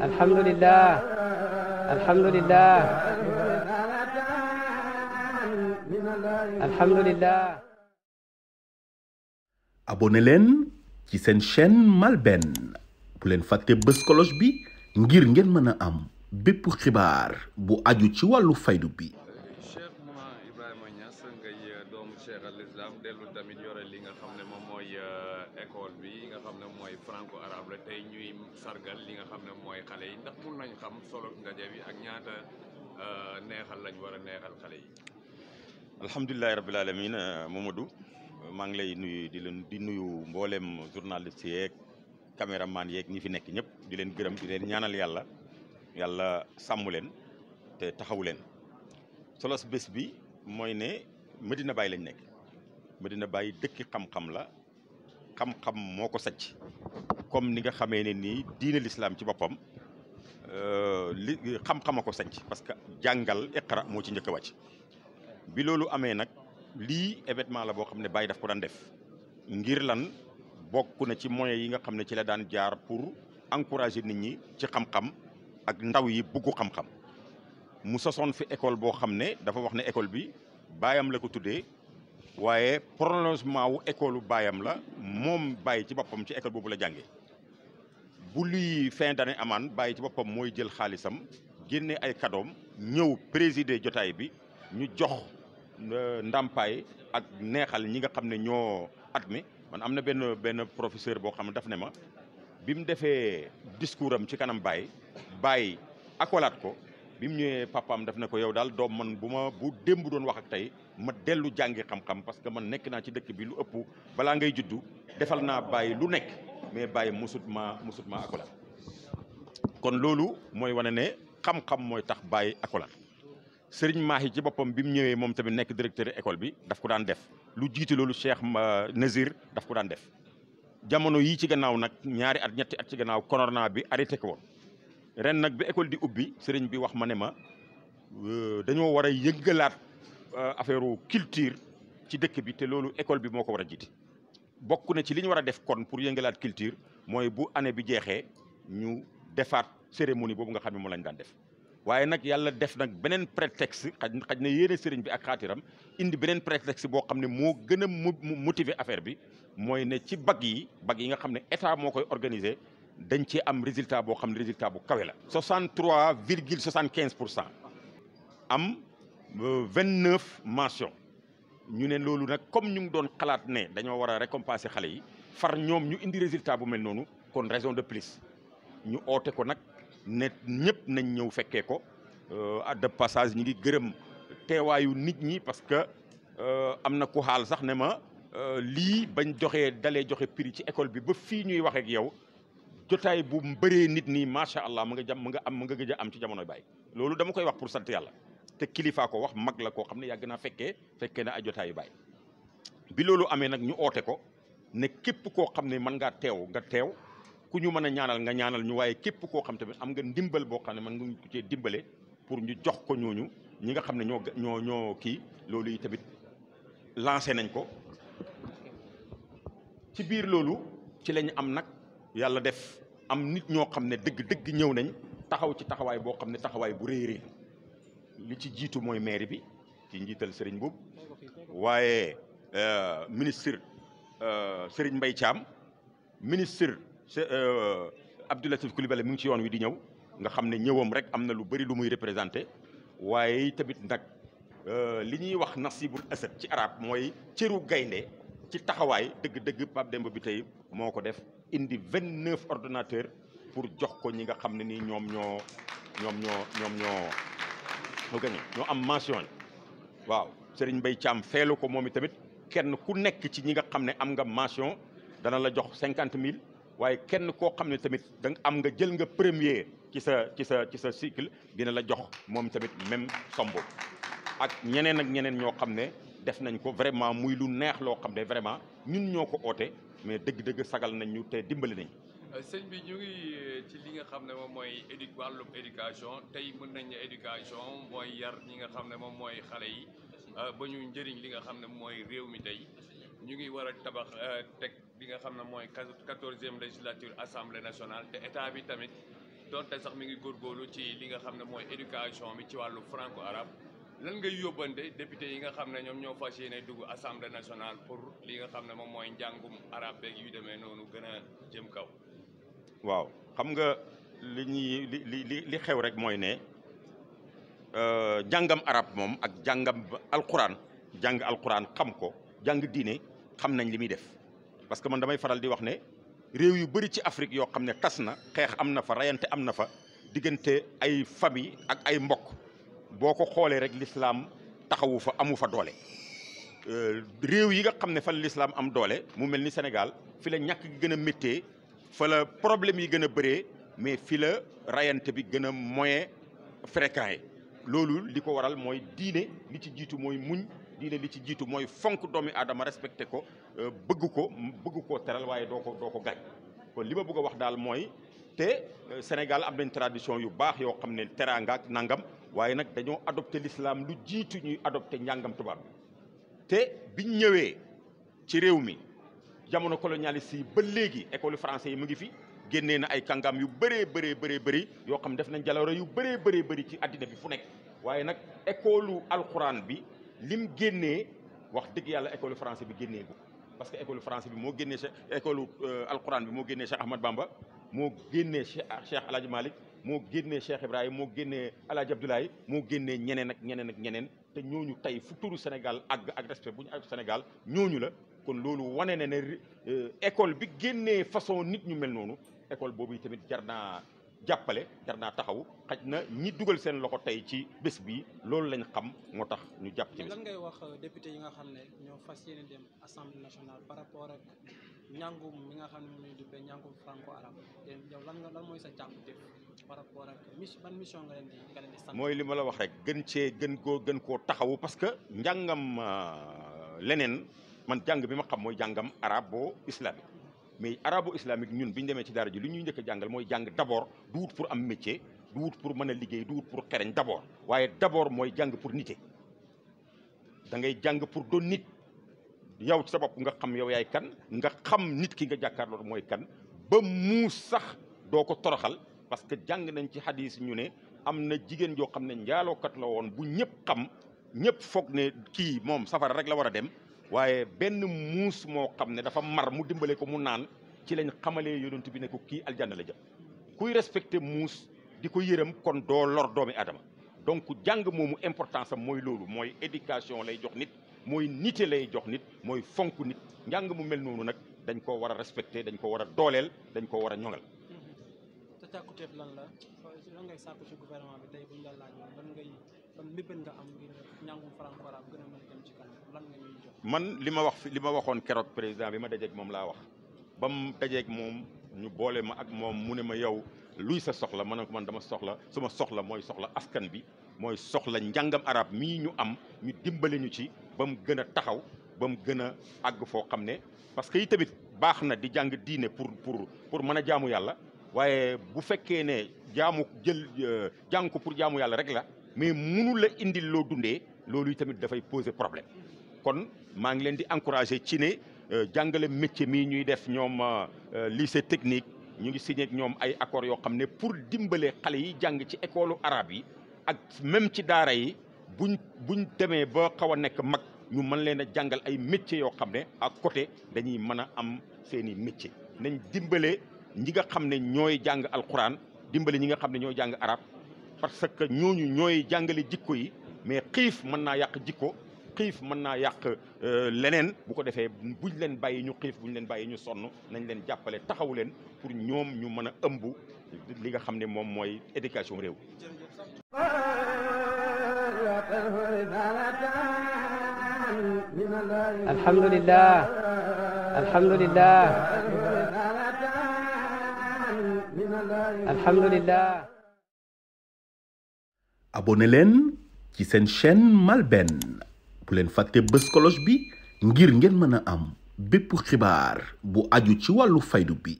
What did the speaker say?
alhamdulillah alhamdulillah alhamdulillah abonné leen ci seen chen MALBN bu leen fàtte bës cloche bi ngir ngeen mën a am bépp xibaar bu aju ci wàllu faydu bi mooy euh, école bi nga xam ne mooy franco arabe la tey ñuy sargal li nga xam ne mooy xale yi ndax mun nañ xam solo ndaje bi ak ñaata euh, neexal lañ war a neexal xale yi. alhamdulilah rabil aalamiin euh, Momadou maa ngi lay nuyu di leen di nuyu mboolem journaliste yeeg caméraman yeeg ñi fi nekk ñëpp di leen gërëm di leen ñaanal yàlla yàlla sàmmu leen te taxaw leen solos bés bi mooy ne Medina Baye lañ nekk. Medina Baye dëkki xam-xam la xam-xam moo ko sacc comme ni nga xamee ne nii diine lislaam ci boppam euh, li xam-xama ko sànc parce que jàngal iqra moo ci njëkk a wàcc bi loolu amee nag lii évétement la boo xam ne bay daf ko daan def ngir lan bokk na ci moyens yi nga xam ne ci la daan jaar pour encourager nit ñi ci xam-xam ak ndaw yi buggu xam-xam mu sosoon fi école boo xam ne dafa wax ne école bi baayam la ko tuddee waaye prolongement wu école u baayam la moom bàyyi ci boppam ci école boobu la jànge bu luy fin d'année amaan bàyyi ci boppam mooy jël xaalisam génne ay kadoom ñëw présider jotaay bi ñu jox euh, ndàmpaay ak neexal ñi nga xam ne ñoo at mi man am na benn benn professeur boo xam ne daf ne ma bi mu defee discours am ci kanam Baye Baye akolaat ko bi mu ñëwee papaam def na ko yow daal doom man bu ma bu démb doon wax ak tey ma dellu jàngi xam-xam parce que man nekk naa ci dëkk bi lu ëpp bala ngay juddu defal naa bàyyi lu nekk mais bàyyi musut ma musut ma akolaat kon loolu mooy wane ne xam-xam mooy tax bàyyi akolaat sëriñ Mahi ci boppam bi mu ñëwee moom tamit nekk directeur école bi daf ko daan def lu jiite loolu Cheikh euh, Nazir daf ko daan def jamono yii ci gannaaw nag ñaari at ñetti at ci gannaaw konorna bi arrêté ko ren nag bi école di ubbi sëriñ bi wax ma ne ma euh, dañoo war a yëngalaat euh, affaire culture ci dëkk bi te loolu école bi moo ko war a jiite. bokk na ci li ñu war a def kon pour yëngalaat culture mooy bu année bi jeexee ñu defaat cérémonie boobu nga xam ne moom lañ daan def waaye nag yàlla def nag beneen prétexte xaj xaj na yéene sëriñ bi ak xaatiram indi beneen prétexte boo xam ne moo gën a motiver affaire bi mooy ne ci bag yi bag yi nga xam ne état moo koy organiser dañ ci am résultat boo xam ne résultat bu kawe la. 63 virgule quinze pour cent am 29 euh, mentions ñu ne loolu nag comme ñu ngi doon xalaat ne dañoo war a récompenser xale yi far ñoom ñu indi résultat bo mel noonu kon raison de plus ñu oote ko nag ne ñëpp nañ ñëw fekkee ko euh, de passage ñu ngi gërëm teewaayu nit ñi parce que euh, am na ku xaal sax ne ma lii bañ joxee dalee joxe prix ci école bi ba fii ñuy wax ak yow. jotaay bu bëree nit nii macha allah mu nga jam nga am mu nga gëj am ci jamono Baye loolu dama koy wax pour sant yàlla te kilifaa ko wax mag la koo xam ne yàgg naa fekke fekkee na ay jotaayu Baye bi loolu amee nag ñu oote ko ne képp koo xam ne mën ngaa teew nga teew ku ñu mën a ñaanal nga ñaanal ñu waaye képp koo xam tamit am nga ndimbal boo xam ne mën nga ko cee dimbale pour ñu jox ko ñooñu ñi nga xam ne ñoo ñoo ñoo kii loolu tamit lancé nañ ko ci biir loolu ci lañ am nag yàlla def am nit ñoo xam ne dëgg dëgg ñëw nañ taxaw ci taxawaay boo xam ne taxawaay bu rëy rëy li ci jiitu mooy maire bi ci njiital Serigne Boub waaye euh, ministre euh, Serigne Mbaye Thiam ministre euh, Abdoulatif Coulibaly mu ngi ci yoon wi di ñëw nga xam ne ñëwam rek am na lu bëri lu muy représenté waaye tamit nag li ñuy wax nasibul asad ci arab mooy cëru gaynde ci taxawaay dëgg-dëgg Pape Demba bi tey moo ko def indi vingt neuf ordinateurs pour jox ko ñi nga xam ne nii ñoom ñoo ñoom ñoo ñoom ñoo gagné ñoo am mention waaw Serigne bay Thiam feelu ko moom tamit kenn ku nekk ci ñi nga xam ne am nga mention dana la jox cinquante mille waaye kenn koo xam ne tamit da am nga jël nga premier ci sa ci sa ci sa cycle dina la jox moom tamit même sombo ak ñeneen ak ñeneen ñoo xam ne def nañ ko vraiment muy lu neex loo xam ne vraiment ñun ñoo ko oote mais dëgg-dëgg sagal nañ ñu te dimbali nañ. Euh, sëñ bi ñu ngi euh, ci li nga xam ne moom mooy édu wàllum éducation tey mën nañ éducation mooy yar ñi nga xam ne moom mooy xale yi euh, ba ñu njëriñ li nga xam ne mooy réew mi tey ñu ngi war a tabax teg li nga xam ne mooy quatorzième législature assemblée nationale te état bi tamit donte sax mi ngi góorgóorlu ci li nga xam ne mooy éducation bi ci wàllu franco arabe. lan ngay yóbbante député yi nga xam ne ñoom ñoo fas yéene dugg assemblée nationale pour li nga xam ne moom mooy njàngum arab beeg yu demee noonu gën a jëm kaw. waaw xam nga li ñuy li li li xew rek mooy ne euh, jàngam arab moom ak jàngam alquran jàng alquran xam ko jàng diine xam nañ li muy def parce que man damay faral di wax ne réew yu bëri ci Afrique yoo xam ne tas na xeex am na fa rayante am na fa diggante ay famille ak ay mbokk. boo ko xoolee rek lislaam taxawu fa amu fa doole euh, réew yi nga xam ne fan lislaam am doole mu mel ni Sénégal fi la ñàkk gi gën a méttee fa problème yi gën a bëree mais fi la rayante bi gën a moyen fréquent yi loolu li ko waral mooy diine li ci jiitu mooy muñ diine li ci jiitu mooy fonk doomi aadama respecté ko euh, bëgg ko bëgg koo teral waaye doo ko doo ko gaañ kon li ma bëgg a wax daal mooy te euh, Sénégal am nañ tradition yu baax yoo xam ne teraanga ak nangam waaye nag dañoo adopté lislaam lu jiitu ñuy adopté njàngam tubaab bi te biñ ñëwee ci réew mi jamono colonialiste si ba léegi école français yi mu ngi fi génnee na ay kàngam yu bëree bëree bëree bëri yoo xam def nañ jaloore yu bëree bëree bëri ci àddina bi fu nekk waaye nag école alxuraan bi lim génnee wax dëgg yàlla école français bi génnee ko parce que école français bi moo génnee école euh, alxuraan bi moo génnee Cheikh Ahmad Bamba moo génnee Cheikh Cheikh El Hadj moo génnee Cheikh Ibrahima moo génnee El Hadj moo génnee ñeneen ak ñeneen ak ñeneen te ñooñu tey fu turu Sénégal àgg ak respect bu ñu àgg Sénégal ñooñu la kon loolu wane na ne euh, école bi génnee façon nit ñu mel noonu école boobu tamit jar naa jàppale jar naa taxaw xaj na ñi dugal seen loxo tey ci bés bi loolu lañ xam moo tax ñu jàpp ci bés. lan ngay wax euh, député yi nga xam ne ñoo fas yéene dem assemblée nationale par rapport ak ñàngum mi nga xam ne mu ngi duppee ñàngum franco arabe yow lan nga lan mooy sa jàpp par rapport ak mission ban mooy li ma la wax rek gën cee gën koo gën koo taxawu parce que njàngam euh, leneen man jàng bi ma xam mooy jàngam arabo islamique mais arabo islamique ñun bi ñu demee ci daara ji lu ñuy njëkk a jàngal mooy jàng d'abord du wut pour am métier du wut pour mën a liggéey du wut pour xereñ d'abord waaye d'abord mooy jàng pour nite da ngay jàng pour doon nit yow sa bopp nga xam yow yaay kan nga xam nit ki nga jàkkaarloo mooy kan ba muus sax doo ko toroxal parce que jàng nañ ci xadis ñu ne am na jigéen joo xam ne njaalookat la woon bu ñëpp xam ñëpp foog ne kii moom safara rek la war a dem waaye benn muus moo xam ne dafa mar mu dimbale ko mu naan ci lañ xamale yonent bi ne ko kii aljanna la jëm kuy respecté muus di ko yërëm kon doo lor doomi aadama donc jàng moomu importance am mooy loolu mooy éducation lay jox nit mooy nite lay jox nit mooy fonk nit njàng mu mel noonu nag dañ koo war a respecté dañ ko war a dooleel dañ koo war a ñoŋal càkkuteef lan la la laajoon lan ngay man li ma wax fi li ma waxoon keroog président bi ma dajeek moom laa wax ba mu dajeeg moom ñu boole ma ak moom mu ne ma yow luy sa soxla ma ne ko man dama soxla suma soxla mooy soxla askan bi mooy soxla njàngam arab mii ñu am ñu dimbali ñu ci ba mu gën a taxaw ba mu gën a àgg foo xam ne parce que yi tamit baax na di jàng diine pour pour pour mën a jaamu yàlla. waaye bu fekkee ne jaamu jël euh, jàng ko pour jaamu yàlla rek la mais mënu la indi loo dundee loolu tamit dafay poser problème kon maa ngi leen di encourager ci ne euh, jàngale métier mii ñuy def ñoom euh, lycée technique ñu ngi signé ñoom ay accords yoo xam ne pour dimbalee xale yi jàng ci école arabe yi ak même ci daara yi buñ buñ demee ba xaw a nekk mag ñu mën leen a jàngal ay métiers yoo xam ne à côté dañuy mën a am seeni métier nañ dimbale ñi xam ne ñooy jàng alquran dimbali ñi nga xam ne ñooy jàng arab parce que ñooñu ñooy jàngale jikko yi mais xiif mën naa yàq jikko xiif mën naa yàq euh, leneen bu ko defee buñ leen bàyyi ñu xiif buñ leen bàyyi ñu sonn nañ leen jàppale taxaw leen pour ñoom ñu mën a ëmb li nga xam ne moom mooy éducation réew alhamdulillah alhamdulilah. abonné leen ci seen chaîne malben bu leen fàtte bës cloche bi ngir ngeen mën a am bépp xibaar bu aju ci wàllu faydu bi.